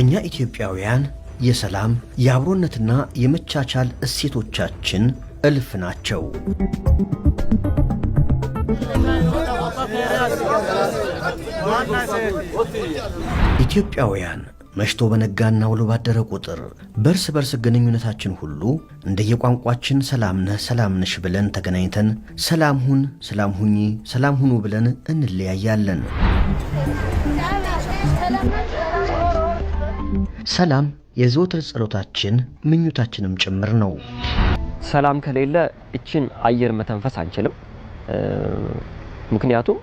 እኛ ኢትዮጵያውያን የሰላም የአብሮነትና የመቻቻል እሴቶቻችን እልፍ ናቸው። ኢትዮጵያውያን መሽቶ በነጋና ውሎ ባደረ ቁጥር በእርስ በርስ ግንኙነታችን ሁሉ እንደየቋንቋችን ሰላም ነህ ሰላም ነሽ ብለን ተገናኝተን ሰላም ሁን ሰላም ሁኚ ሰላም ሁኑ ብለን እንለያያለን። ሰላም የዘወትር ጸሎታችን ምኞታችንም ጭምር ነው። ሰላም ከሌለ እችን አየር መተንፈስ አንችልም። ምክንያቱም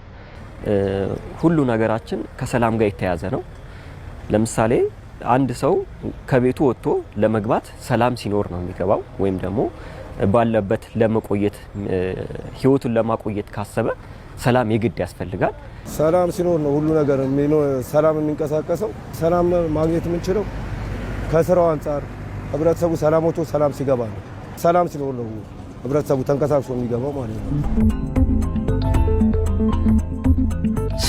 ሁሉ ነገራችን ከሰላም ጋር የተያያዘ ነው። ለምሳሌ አንድ ሰው ከቤቱ ወጥቶ ለመግባት ሰላም ሲኖር ነው የሚገባው። ወይም ደግሞ ባለበት ለመቆየት ህይወቱን ለማቆየት ካሰበ ሰላም የግድ ያስፈልጋል። ሰላም ሲኖር ነው ሁሉ ነገር ሰላም የሚንቀሳቀሰው። ሰላም ማግኘት የምንችለው ከስራው አንጻር ህብረተሰቡ ሰላም ወጥቶ ሰላም ሲገባ ነው። ሰላም ሲኖር ነው ህብረተሰቡ ተንቀሳቅሶ የሚገባው ማለት ነው።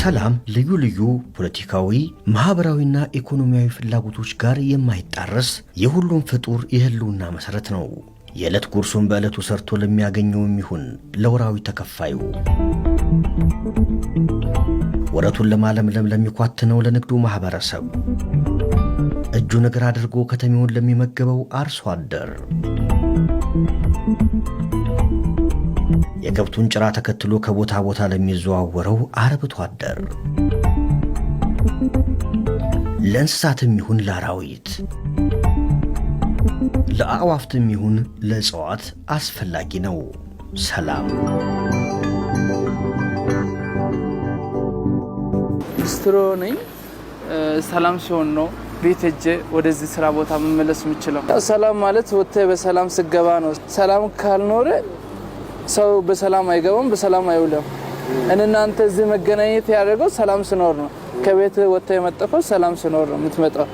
ሰላም ልዩ ልዩ ፖለቲካዊ፣ ማኅበራዊና ኢኮኖሚያዊ ፍላጎቶች ጋር የማይጣረስ የሁሉም ፍጡር የህልውና መሰረት ነው። የዕለት ጉርሱን በዕለቱ ሰርቶ ለሚያገኘው ይሁን ለወራዊ ተከፋዩ ወረቱን ለማለምለም ለሚኳትነው ለንግዱ ማህበረሰብ እጁ ነገር አድርጎ ከተሜውን ለሚመገበው አርሶ አደር የከብቱን ጭራ ተከትሎ ከቦታ ቦታ ለሚዘዋወረው አርብቶ አደር ለእንስሳትም ይሁን ለአራዊት ለአዕዋፍትም ይሁን ለእጽዋት አስፈላጊ ነው። ሰላም ቢስትሮ ነኝ። ሰላም ሲሆን ነው ቤት ሄጄ ወደዚህ ስራ ቦታ መመለስ የምችለው። ሰላም ማለት ወጥተህ በሰላም ስገባ ነው። ሰላም ካልኖረ ሰው በሰላም አይገባም፣ በሰላም አይውለም። እናንተ እዚህ መገናኘት ያደረገው ሰላም ስኖር ነው። ከቤት ወጥተ የመጠፈው ሰላም ስኖር ነው የምትመጣው።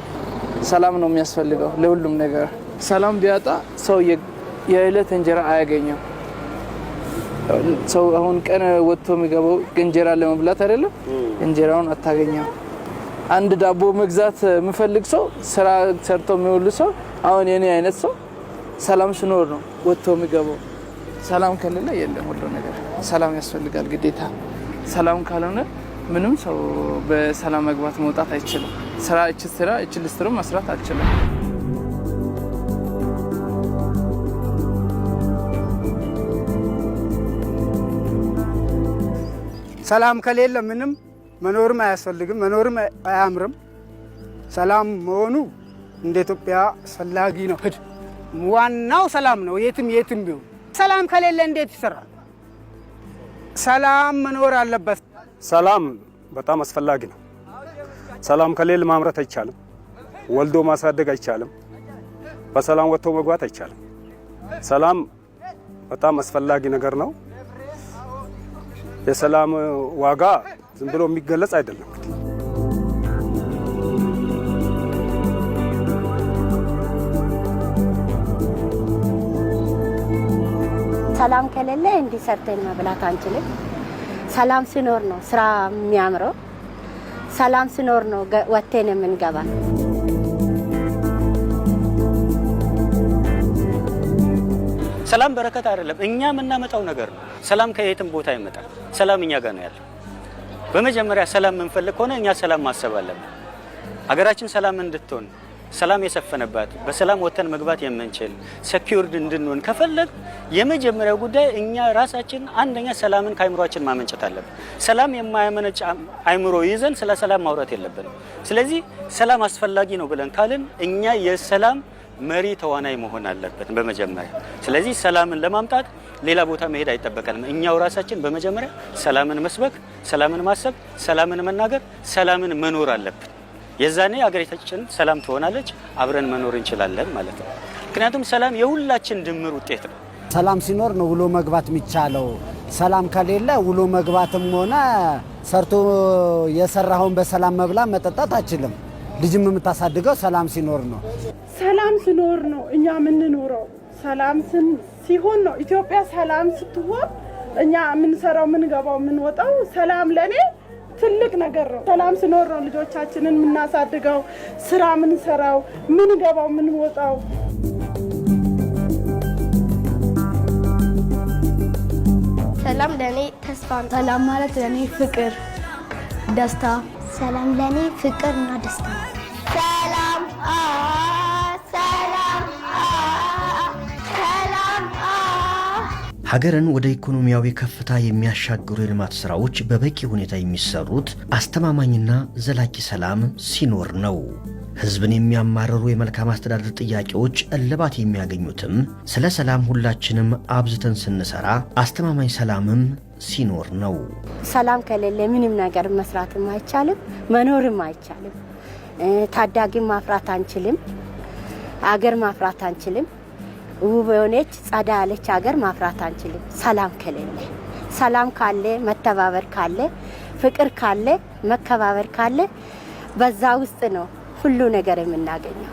ሰላም ነው የሚያስፈልገው ለሁሉም ነገር። ሰላም ቢያጣ ሰው የእለት እንጀራ አያገኘም። ሰው አሁን ቀን ወጥቶ የሚገባው እንጀራ ለመብላት አይደለም፣ እንጀራውን አታገኘም። አንድ ዳቦ መግዛት የምፈልግ ሰው ስራ ሰርቶ የሚውሉ ሰው አሁን የኔ አይነት ሰው ሰላም ስኖር ነው ወጥቶ የሚገባው። ሰላም ከሌለ የለም ሁሉ ነገር። ሰላም ያስፈልጋል ግዴታ። ሰላም ካልሆነ ምንም ሰው በሰላም መግባት መውጣት አይችልም። ስራ እችል ስራ እችል ስትሮ መስራት አልችልም። ሰላም ከሌለ ምንም መኖርም አያስፈልግም፣ መኖርም አያምርም። ሰላም መሆኑ እንደ ኢትዮጵያ አስፈላጊ ነው። ዋናው ሰላም ነው፣ የትም የትም ቢሆን ሰላም ከሌለ እንዴት ይሰራል? ሰላም መኖር አለበት። ሰላም በጣም አስፈላጊ ነው። ሰላም ከሌለ ማምረት አይቻልም፣ ወልዶ ማሳደግ አይቻልም፣ በሰላም ወጥቶ መግባት አይቻልም። ሰላም በጣም አስፈላጊ ነገር ነው። የሰላም ዋጋ ዝም ብሎ የሚገለጽ አይደለም። ሰላም ከሌለ እንዲህ ሰርተን መብላት አንችልም። ሰላም ሲኖር ነው ስራ የሚያምረው። ሰላም ሲኖር ነው ወጥተን የምንገባ። ሰላም በረከት አይደለም፣ እኛ የምናመጣው ነገር ነው። ሰላም ከየትም ቦታ ይመጣል። ሰላም እኛ ጋር ነው ያለው። በመጀመሪያ ሰላም የምንፈልግ ከሆነ እኛ ሰላም ማሰብ አለብን። ሀገራችን ሰላም እንድትሆን ሰላም የሰፈነባት በሰላም ወተን መግባት የምንችል ሰኪውርድ እንድንሆን ከፈለግ የመጀመሪያው ጉዳይ እኛ ራሳችን አንደኛ ሰላምን ከአይምሯችን ማመንጨት አለብን። ሰላም የማያመነጭ አይምሮ ይዘን ስለ ሰላም ማውራት የለብንም። ስለዚህ ሰላም አስፈላጊ ነው ብለን ካልን እኛ የሰላም መሪ ተዋናይ መሆን አለበት በመጀመሪያ። ስለዚህ ሰላምን ለማምጣት ሌላ ቦታ መሄድ አይጠበቀንም። እኛው ራሳችን በመጀመሪያ ሰላምን መስበክ፣ ሰላምን ማሰብ፣ ሰላምን መናገር፣ ሰላምን መኖር አለብን። የዛኔ አገሪታችን ሰላም ትሆናለች፣ አብረን መኖር እንችላለን ማለት ነው። ምክንያቱም ሰላም የሁላችን ድምር ውጤት ነው። ሰላም ሲኖር ነው ውሎ መግባት የሚቻለው። ሰላም ከሌለ ውሎ መግባትም ሆነ ሰርቶ የሰራኸውን በሰላም መብላት መጠጣት አይችልም። ልጅም የምታሳድገው ሰላም ሲኖር ነው። ሰላም ሲኖር ነው እኛ የምንኖረው። ሰላም ሲሆን ነው ኢትዮጵያ ሰላም ስትሆን እኛ የምንሰራው፣ የምንገባው፣ የምንወጣው ሰላም ለእኔ ትልቅ ነገር ነው። ሰላም ስኖር ነው ልጆቻችንን የምናሳድገው፣ ስራ ምንሰራው፣ ምንገባው፣ ምንወጣው። ሰላም ለእኔ ተስፋ ነው። ሰላም ማለት ለእኔ ፍቅር፣ ደስታ። ሰላም ለእኔ እና ደስታ። ሰላም ሀገርን ወደ ኢኮኖሚያዊ ከፍታ የሚያሻግሩ የልማት ስራዎች በበቂ ሁኔታ የሚሰሩት አስተማማኝና ዘላቂ ሰላም ሲኖር ነው። ህዝብን የሚያማርሩ የመልካም አስተዳደር ጥያቄዎች እልባት የሚያገኙትም ስለ ሰላም ሁላችንም አብዝተን ስንሰራ አስተማማኝ ሰላምም ሲኖር ነው። ሰላም ከሌለ ምንም ነገር መስራትም አይቻልም፣ መኖርም አይቻልም። ታዳጊም ማፍራት አንችልም፣ አገር ማፍራት አንችልም። ውብ የሆነች ጸዳ ያለች ሀገር ማፍራት አንችልም፣ ሰላም ከሌለ። ሰላም ካለ፣ መተባበር ካለ፣ ፍቅር ካለ፣ መከባበር ካለ በዛ ውስጥ ነው ሁሉ ነገር የምናገኘው።